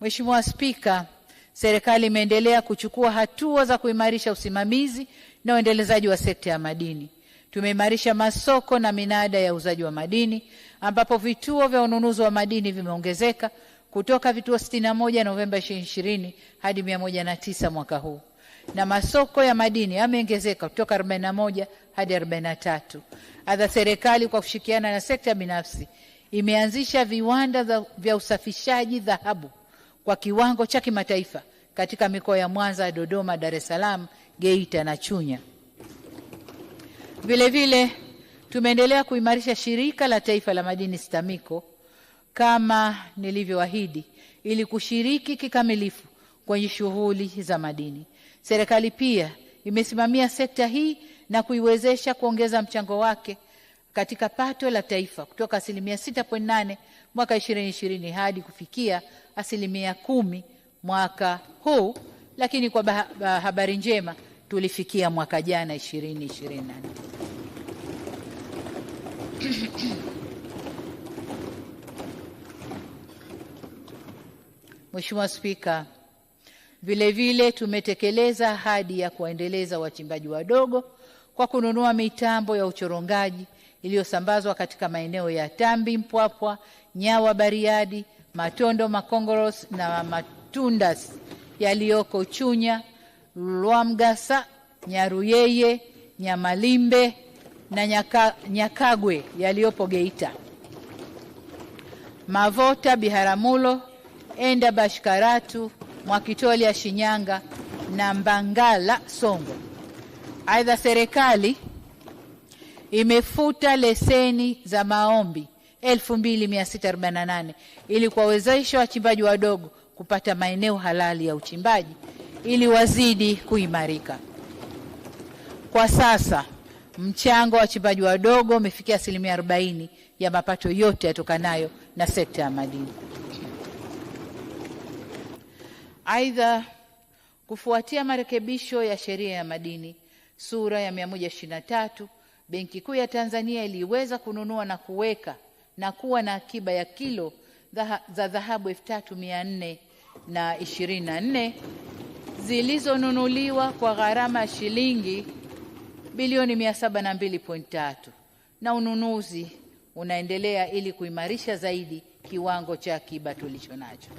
Mheshimiwa Spika, serikali imeendelea kuchukua hatua za kuimarisha usimamizi na uendelezaji wa sekta ya madini. Tumeimarisha masoko na minada ya uuzaji wa madini ambapo vituo vya ununuzi wa madini vimeongezeka kutoka vituo 61 Novemba 2020 hadi 109 mwaka huu, na masoko ya madini yameongezeka kutoka 41 hadi 43. Aidha, serikali kwa kushirikiana na sekta binafsi imeanzisha viwanda vya usafishaji dhahabu kwa kiwango cha kimataifa katika mikoa ya Mwanza, Dodoma, Dar es Salaam, Geita na Chunya. Vilevile tumeendelea kuimarisha shirika la taifa la madini STAMICO kama nilivyoahidi, ili kushiriki kikamilifu kwenye shughuli za madini. Serikali pia imesimamia sekta hii na kuiwezesha kuongeza mchango wake katika pato la taifa kutoka asilimia 6.8 mwaka 2020 hadi kufikia asilimia kumi mwaka huu, lakini kwa habari njema tulifikia mwaka jana 2024. Mheshimiwa Spika, vilevile tumetekeleza ahadi ya kuwaendeleza wachimbaji wadogo kwa kununua mitambo ya uchorongaji iliyosambazwa katika maeneo ya Tambi, Mpwapwa, Nyawa, Bariadi, Matondo, Makongoros na Matundas yaliyoko Chunya, Lwamgasa, Nyaruyeye, Nyamalimbe na Nyaka, Nyakagwe yaliyopo Geita, Mavota, Biharamulo, Enda, Bashkaratu, mwakitolia Shinyanga na Mbangala, Songo. Aidha, serikali imefuta leseni za maombi 2648 ili kuwawezesha wachimbaji wadogo kupata maeneo halali ya uchimbaji ili wazidi kuimarika. Kwa sasa mchango wa wachimbaji wadogo umefikia asilimia 40 ya mapato yote yatokanayo na sekta ya madini. Aidha, kufuatia marekebisho ya sheria ya madini sura ya 123 Benki Kuu ya Tanzania iliweza kununua na kuweka na kuwa na akiba ya kilo za dhahabu na nne zilizonunuliwa kwa gharama ya shilingi bilioni 702.3 na ununuzi unaendelea ili kuimarisha zaidi kiwango cha akiba tulicho nacho.